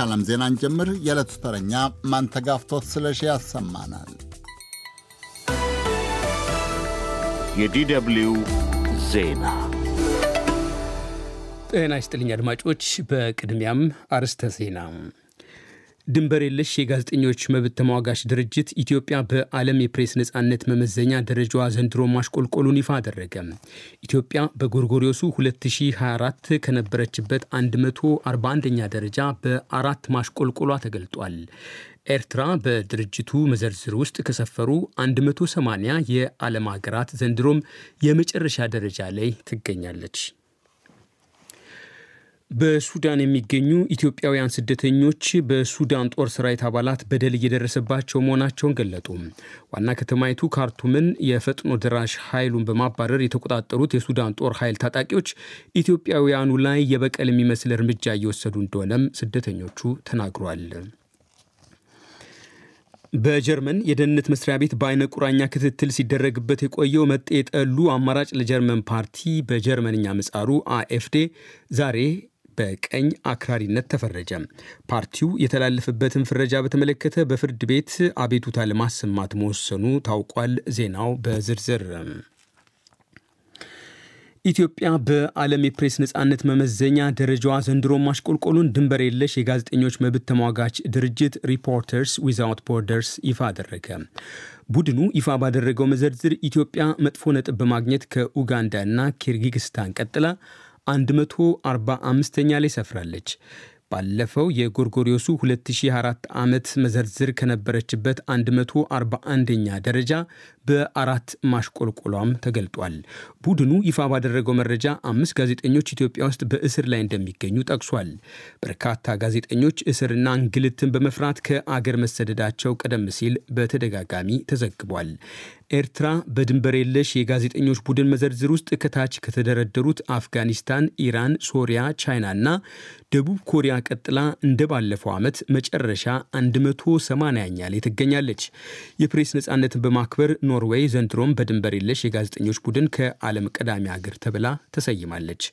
ከዓለም ዜናን ጀምር የዕለቱ ተረኛ ማንተጋፍቶት ስለሺ ያሰማናል። የዲደብልዩ ዜና ጤና ይስጥልኝ አድማጮች። በቅድሚያም አርስተ ዜና ድንበር የለሽ የጋዜጠኞች መብት ተሟጋች ድርጅት ኢትዮጵያ በዓለም የፕሬስ ነፃነት መመዘኛ ደረጃዋ ዘንድሮ ማሽቆልቆሉን ይፋ አደረገ። ኢትዮጵያ በጎርጎሪዮሱ 2024 ከነበረችበት 141ኛ ደረጃ በአራት ማሽቆልቆሏ ተገልጧል። ኤርትራ በድርጅቱ መዘርዝር ውስጥ ከሰፈሩ 180 የዓለም ሀገራት ዘንድሮም የመጨረሻ ደረጃ ላይ ትገኛለች። በሱዳን የሚገኙ ኢትዮጵያውያን ስደተኞች በሱዳን ጦር ሰራዊት አባላት በደል እየደረሰባቸው መሆናቸውን ገለጡ። ዋና ከተማይቱ ካርቱምን የፈጥኖ ደራሽ ኃይሉን በማባረር የተቆጣጠሩት የሱዳን ጦር ኃይል ታጣቂዎች ኢትዮጵያውያኑ ላይ የበቀል የሚመስል እርምጃ እየወሰዱ እንደሆነም ስደተኞቹ ተናግሯል። በጀርመን የደህንነት መስሪያ ቤት በአይነ ቁራኛ ክትትል ሲደረግበት የቆየው መጤ አማራጭ ለጀርመን ፓርቲ በጀርመንኛ ምጻሩ አኤፍዴ ዛሬ በቀኝ አክራሪነት ተፈረጀ። ፓርቲው የተላለፈበትን ፍረጃ በተመለከተ በፍርድ ቤት አቤቱታ ለማሰማት መወሰኑ ታውቋል። ዜናው በዝርዝር ኢትዮጵያ በዓለም የፕሬስ ነፃነት መመዘኛ ደረጃዋ ዘንድሮ ማሽቆልቆሉን ድንበር የለሽ የጋዜጠኞች መብት ተሟጋች ድርጅት ሪፖርተርስ ዊዛውት ቦርደርስ ይፋ አደረገ። ቡድኑ ይፋ ባደረገው መዘርዝር ኢትዮጵያ መጥፎ ነጥብ በማግኘት ከኡጋንዳ እና ኪርጊዝስታን ቀጥላ 145ኛ ላይ ሰፍራለች። ባለፈው የጎርጎሪዮሱ 2004 ዓመት መዘርዝር ከነበረችበት 141ኛ ደረጃ በአራት ማሽቆልቆሏም ተገልጧል። ቡድኑ ይፋ ባደረገው መረጃ አምስት ጋዜጠኞች ኢትዮጵያ ውስጥ በእስር ላይ እንደሚገኙ ጠቅሷል። በርካታ ጋዜጠኞች እስርና እንግልትን በመፍራት ከአገር መሰደዳቸው ቀደም ሲል በተደጋጋሚ ተዘግቧል። ኤርትራ በድንበር የለሽ የጋዜጠኞች ቡድን መዘርዝር ውስጥ ከታች ከተደረደሩት አፍጋኒስታን፣ ኢራን፣ ሶሪያ፣ እና ደቡብ ኮሪያ ቀጥላ እንደ ባለፈው ዓመት መጨረሻ 180ኛ ላይ ትገኛለች። የፕሬስ ነፃነትን በማክበር ኖርዌይ ዘንድሮም በድንበር የለሽ የጋዜጠኞች ቡድን ከዓለም ቀዳሚ አገር ተብላ ተሰይማለች።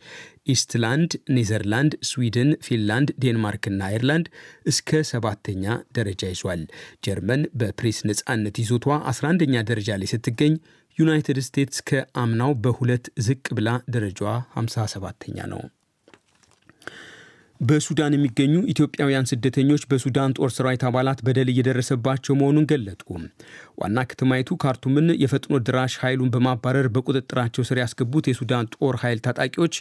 ኢስትላንድ፣ ኔዘርላንድ፣ ስዊድን፣ ፊንላንድ፣ ዴንማርክና አይርላንድ እስከ ሰባተኛ ደረጃ ይዟል። ጀርመን በፕሬስ ነጻነት ይዞቷ 11ኛ ደረጃ ላይ ስትገኝ ዩናይትድ ስቴትስ ከአምናው በሁለት ዝቅ ብላ ደረጃዋ 57ኛ ነው። በሱዳን የሚገኙ ኢትዮጵያውያን ስደተኞች በሱዳን ጦር ሰራዊት አባላት በደል እየደረሰባቸው መሆኑን ገለጡ። ዋና ከተማይቱ ካርቱምን የፈጥኖ ድራሽ ኃይሉን በማባረር በቁጥጥራቸው ስር ያስገቡት የሱዳን ጦር ኃይል ታጣቂዎች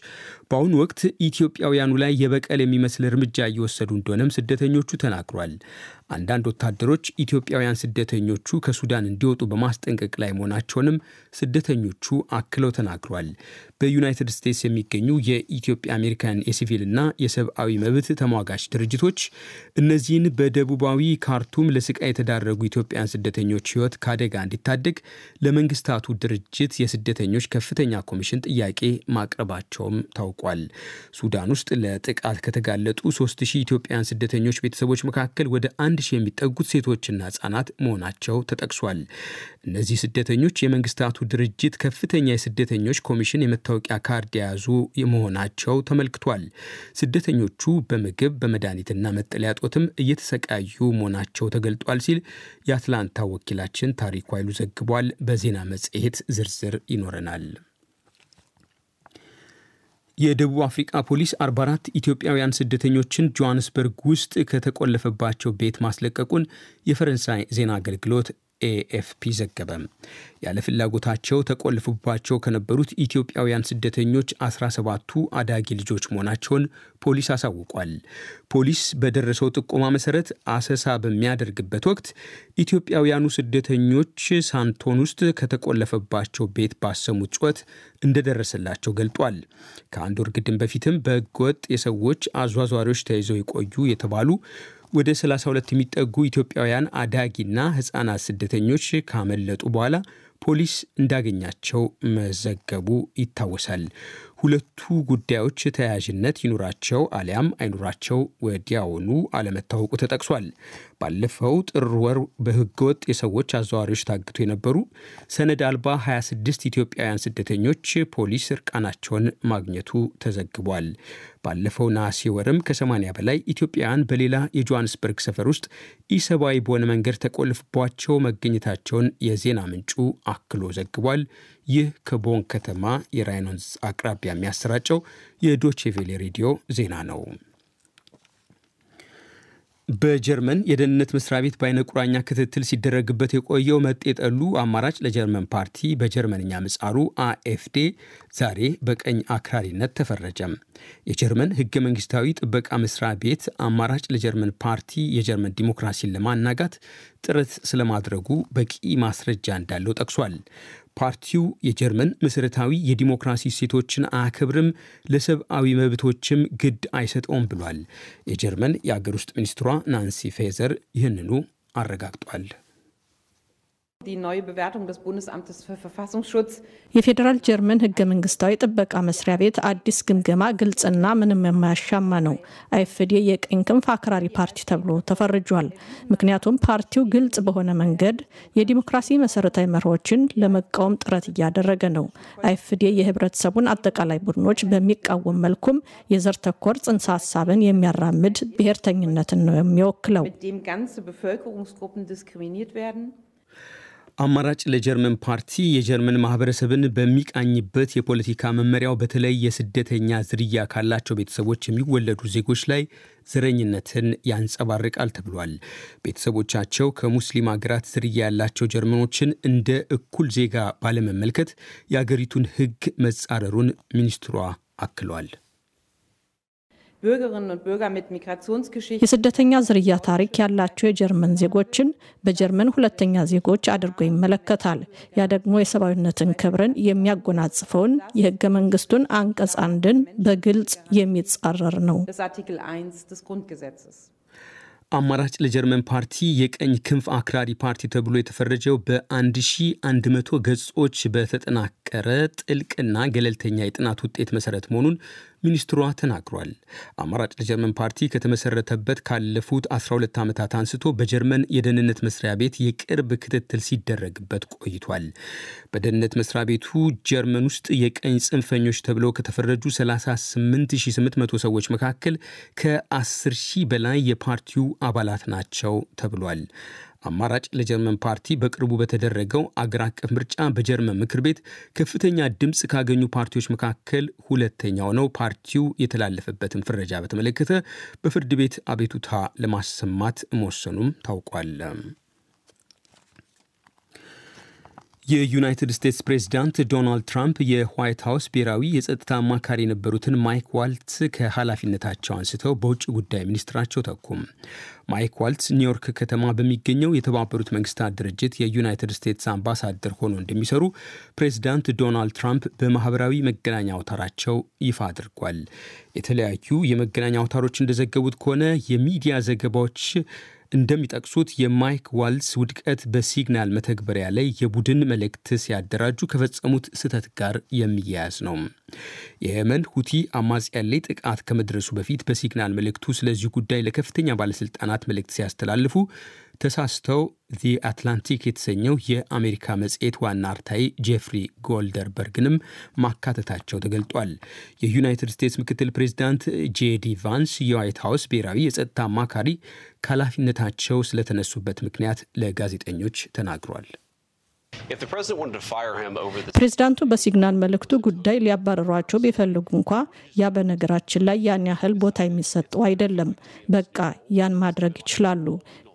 በአሁኑ ወቅት ኢትዮጵያውያኑ ላይ የበቀል የሚመስል እርምጃ እየወሰዱ እንደሆነም ስደተኞቹ ተናግሯል። አንዳንድ ወታደሮች ኢትዮጵያውያን ስደተኞቹ ከሱዳን እንዲወጡ በማስጠንቀቅ ላይ መሆናቸውንም ስደተኞቹ አክለው ተናግሯል። በዩናይትድ ስቴትስ የሚገኙ የኢትዮጵያ አሜሪካን የሲቪልና የሰብአዊ መብት ተሟጋች ድርጅቶች እነዚህን በደቡባዊ ካርቱም ለስቃይ የተዳረጉ ኢትዮጵያን ስደተኞች ሕይወት ከአደጋ እንዲታደግ ለመንግስታቱ ድርጅት የስደተኞች ከፍተኛ ኮሚሽን ጥያቄ ማቅረባቸውም ታውቋል። ሱዳን ውስጥ ለጥቃት ከተጋለጡ 3000 ኢትዮጵያን ስደተኞች ቤተሰቦች መካከል ወደ አንድ ሺህ የሚጠጉት ሴቶችና ህጻናት መሆናቸው ተጠቅሷል። እነዚህ ስደተኞች የመንግስታቱ ድርጅት ከፍተኛ የስደተኞች ኮሚሽን የመታወቂያ ካርድ የያዙ መሆናቸው ተመልክቷል። ስደተኞቹ በምግብ በመድኃኒትና መጠለያ ጦትም እየተሰቃዩ መሆናቸው ተገልጧል ሲል የአትላንታ ወኪላችን ታሪኩ ኃይሉ ዘግቧል። በዜና መጽሔት ዝርዝር ይኖረናል። የደቡብ አፍሪቃ ፖሊስ 44 ኢትዮጵያውያን ስደተኞችን ጆሃንስበርግ ውስጥ ከተቆለፈባቸው ቤት ማስለቀቁን የፈረንሳይ ዜና አገልግሎት ኤኤፍፒ ዘገበ። ያለ ፍላጎታቸው ተቆልፉባቸው ከነበሩት ኢትዮጵያውያን ስደተኞች 17ቱ አዳጊ ልጆች መሆናቸውን ፖሊስ አሳውቋል። ፖሊስ በደረሰው ጥቆማ መሰረት አሰሳ በሚያደርግበት ወቅት ኢትዮጵያውያኑ ስደተኞች ሳንቶን ውስጥ ከተቆለፈባቸው ቤት ባሰሙት ጩኸት እንደደረሰላቸው ገልጧል። ከአንድ ወር ግድም በፊትም በህገወጥ የሰዎች አዟዟሪዎች ተይዘው የቆዩ የተባሉ ወደ 32 የሚጠጉ ኢትዮጵያውያን አዳጊና ሕፃናት ስደተኞች ካመለጡ በኋላ ፖሊስ እንዳገኛቸው መዘገቡ ይታወሳል። ሁለቱ ጉዳዮች ተያያዥነት ይኑራቸው አሊያም አይኑራቸው ወዲያውኑ አለመታወቁ ተጠቅሷል። ባለፈው ጥር ወር በህገወጥ የሰዎች አዘዋሪዎች ታግቶ የነበሩ ሰነድ አልባ 26 ኢትዮጵያውያን ስደተኞች ፖሊስ እርቃናቸውን ማግኘቱ ተዘግቧል። ባለፈው ነሐሴ ወርም ከ80 በላይ ኢትዮጵያውያን በሌላ የጆሃንስበርግ ሰፈር ውስጥ ኢሰብአዊ በሆነ መንገድ ተቆልፍባቸው መገኘታቸውን የዜና ምንጩ አክሎ ዘግቧል። ይህ ከቦን ከተማ የራይን ወንዝ አቅራቢያ የሚያሰራጨው የዶቼቬሌ ሬዲዮ ዜና ነው። በጀርመን የደህንነት መስሪያ ቤት በአይነ ቁራኛ ክትትል ሲደረግበት የቆየው መጤጠሉ አማራጭ ለጀርመን ፓርቲ በጀርመንኛ ምጻሩ አኤፍዴ ዛሬ በቀኝ አክራሪነት ተፈረጀም። የጀርመን ህገ መንግስታዊ ጥበቃ መስሪያ ቤት አማራጭ ለጀርመን ፓርቲ የጀርመን ዲሞክራሲን ለማናጋት ጥረት ስለማድረጉ በቂ ማስረጃ እንዳለው ጠቅሷል። ፓርቲው የጀርመን መሠረታዊ የዲሞክራሲ እሴቶችን አያከብርም፣ ለሰብአዊ መብቶችም ግድ አይሰጠውም ብሏል። የጀርመን የአገር ውስጥ ሚኒስትሯ ናንሲ ፌዘር ይህንኑ አረጋግጧል። የፌዴራል ጀርመን ህገ መንግስታዊ ጥበቃ መስሪያ ቤት አዲስ ግምገማ ግልጽና ምንም የማያሻማ ነው። አይፍዴ የቀኝ ክንፍ አክራሪ ፓርቲ ተብሎ ተፈርጇል። ምክንያቱም ፓርቲው ግልጽ በሆነ መንገድ የዲሞክራሲ መሰረታዊ መርሆችን ለመቃወም ጥረት እያደረገ ነው። አይፍዴ የህብረተሰቡን አጠቃላይ ቡድኖች በሚቃወም መልኩም የዘር ተኮር ጽንሰ ሀሳብን የሚያራምድ ብሔርተኝነትን ነው የሚወክለው። አማራጭ ለጀርመን ፓርቲ የጀርመን ማህበረሰብን በሚቃኝበት የፖለቲካ መመሪያው በተለይ የስደተኛ ዝርያ ካላቸው ቤተሰቦች የሚወለዱ ዜጎች ላይ ዘረኝነትን ያንጸባርቃል ተብሏል። ቤተሰቦቻቸው ከሙስሊም ሀገራት ዝርያ ያላቸው ጀርመኖችን እንደ እኩል ዜጋ ባለመመልከት የአገሪቱን ሕግ መጻረሩን ሚኒስትሯ አክሏል። የስደተኛ ዝርያ ታሪክ ያላቸው የጀርመን ዜጎችን በጀርመን ሁለተኛ ዜጎች አድርጎ ይመለከታል። ያ ደግሞ የሰብአዊነትን ክብርን የሚያጎናጽፈውን የህገ መንግስቱን አንቀጽ አንድን በግልጽ የሚጻረር ነው። አማራጭ ለጀርመን ፓርቲ የቀኝ ክንፍ አክራሪ ፓርቲ ተብሎ የተፈረጀው በ መቶ ገጾች በተጠናቀረ ጥልቅና ገለልተኛ የጥናት ውጤት መሰረት መሆኑን ሚኒስትሯ ተናግሯል። አማራጭ ለጀርመን ፓርቲ ከተመሰረተበት ካለፉት 12 ዓመታት አንስቶ በጀርመን የደህንነት መስሪያ ቤት የቅርብ ክትትል ሲደረግበት ቆይቷል። በደህንነት መስሪያ ቤቱ ጀርመን ውስጥ የቀኝ ጽንፈኞች ተብለው ከተፈረጁ 38800 ሰዎች መካከል ከ10 ሺህ በላይ የፓርቲው አባላት ናቸው ተብሏል። አማራጭ ለጀርመን ፓርቲ በቅርቡ በተደረገው አገር አቀፍ ምርጫ በጀርመን ምክር ቤት ከፍተኛ ድምፅ ካገኙ ፓርቲዎች መካከል ሁለተኛው ነው። ፓርቲው የተላለፈበትን ፍረጃ በተመለከተ በፍርድ ቤት አቤቱታ ለማሰማት መወሰኑም ታውቋል። የዩናይትድ ስቴትስ ፕሬዝዳንት ዶናልድ ትራምፕ የዋይት ሀውስ ብሔራዊ የጸጥታ አማካሪ የነበሩትን ማይክ ዋልትስ ከኃላፊነታቸው አንስተው በውጭ ጉዳይ ሚኒስትራቸው ተኩም። ማይክ ዋልትስ ኒውዮርክ ከተማ በሚገኘው የተባበሩት መንግስታት ድርጅት የዩናይትድ ስቴትስ አምባሳደር ሆነው እንደሚሰሩ ፕሬዝዳንት ዶናልድ ትራምፕ በማህበራዊ መገናኛ አውታራቸው ይፋ አድርጓል። የተለያዩ የመገናኛ አውታሮች እንደዘገቡት ከሆነ የሚዲያ ዘገባዎች እንደሚጠቅሱት የማይክ ዋልስ ውድቀት በሲግናል መተግበሪያ ላይ የቡድን መልእክት ሲያደራጁ ከፈጸሙት ስህተት ጋር የሚያያዝ ነው። የየመን ሁቲ አማጽያን ላይ ጥቃት ከመድረሱ በፊት በሲግናል መልእክቱ ስለዚህ ጉዳይ ለከፍተኛ ባለስልጣናት መልእክት ሲያስተላልፉ ተሳስተው ዲ አትላንቲክ የተሰኘው የአሜሪካ መጽሔት ዋና አርታይ ጄፍሪ ጎልደርበርግንም ማካተታቸው ተገልጧል። የዩናይትድ ስቴትስ ምክትል ፕሬዚዳንት ጄዲ ቫንስ የዋይት ሀውስ ብሔራዊ የጸጥታ አማካሪ ከኃላፊነታቸው ስለተነሱበት ምክንያት ለጋዜጠኞች ተናግሯል። ፕሬዚዳንቱ በሲግናል መልእክቱ ጉዳይ ሊያባረሯቸው ቢፈልጉ እንኳ ያ በነገራችን ላይ ያን ያህል ቦታ የሚሰጠው አይደለም። በቃ ያን ማድረግ ይችላሉ።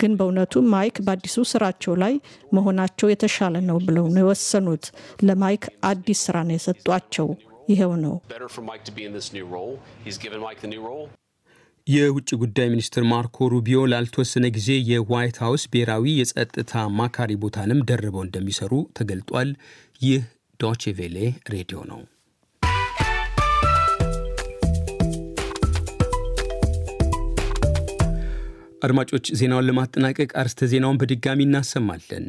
ግን በእውነቱ ማይክ በአዲሱ ስራቸው ላይ መሆናቸው የተሻለ ነው ብለው ነው የወሰኑት። ለማይክ አዲስ ስራ ነው የሰጧቸው። ይኸው ነው። የውጭ ጉዳይ ሚኒስትር ማርኮ ሩቢዮ ላልተወሰነ ጊዜ የዋይት ሀውስ ብሔራዊ የጸጥታ አማካሪ ቦታንም ደርበው እንደሚሰሩ ተገልጧል። ይህ ዶቼ ቬሌ ሬዲዮ ነው። አድማጮች ዜናውን ለማጠናቀቅ አርስተ ዜናውን በድጋሚ እናሰማለን።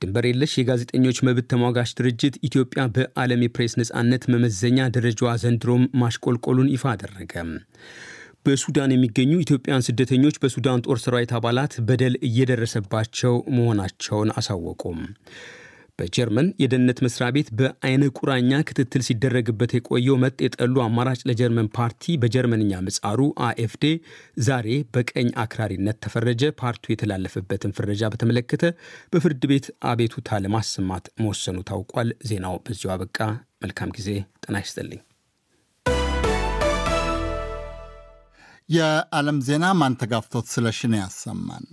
ድንበር የለሽ የጋዜጠኞች መብት ተሟጋች ድርጅት ኢትዮጵያ በዓለም የፕሬስ ነፃነት መመዘኛ ደረጃዋ ዘንድሮም ማሽቆልቆሉን ይፋ አደረገ። በሱዳን የሚገኙ ኢትዮጵያን ስደተኞች በሱዳን ጦር ሰራዊት አባላት በደል እየደረሰባቸው መሆናቸውን አሳወቁም። በጀርመን የደህንነት መስሪያ ቤት በአይነ ቁራኛ ክትትል ሲደረግበት የቆየው መጥ የጠሉ አማራጭ ለጀርመን ፓርቲ በጀርመንኛ ምጻሩ አኤፍዴ ዛሬ በቀኝ አክራሪነት ተፈረጀ። ፓርቲው የተላለፈበትን ፍረጃ በተመለከተ በፍርድ ቤት አቤቱታ ለማሰማት መወሰኑ ታውቋል። ዜናው በዚሁ አበቃ። መልካም ጊዜ። ጤና ይስጥልኝ። የዓለም ዜና ማንተጋፍቶት ስለሽን ያሰማን።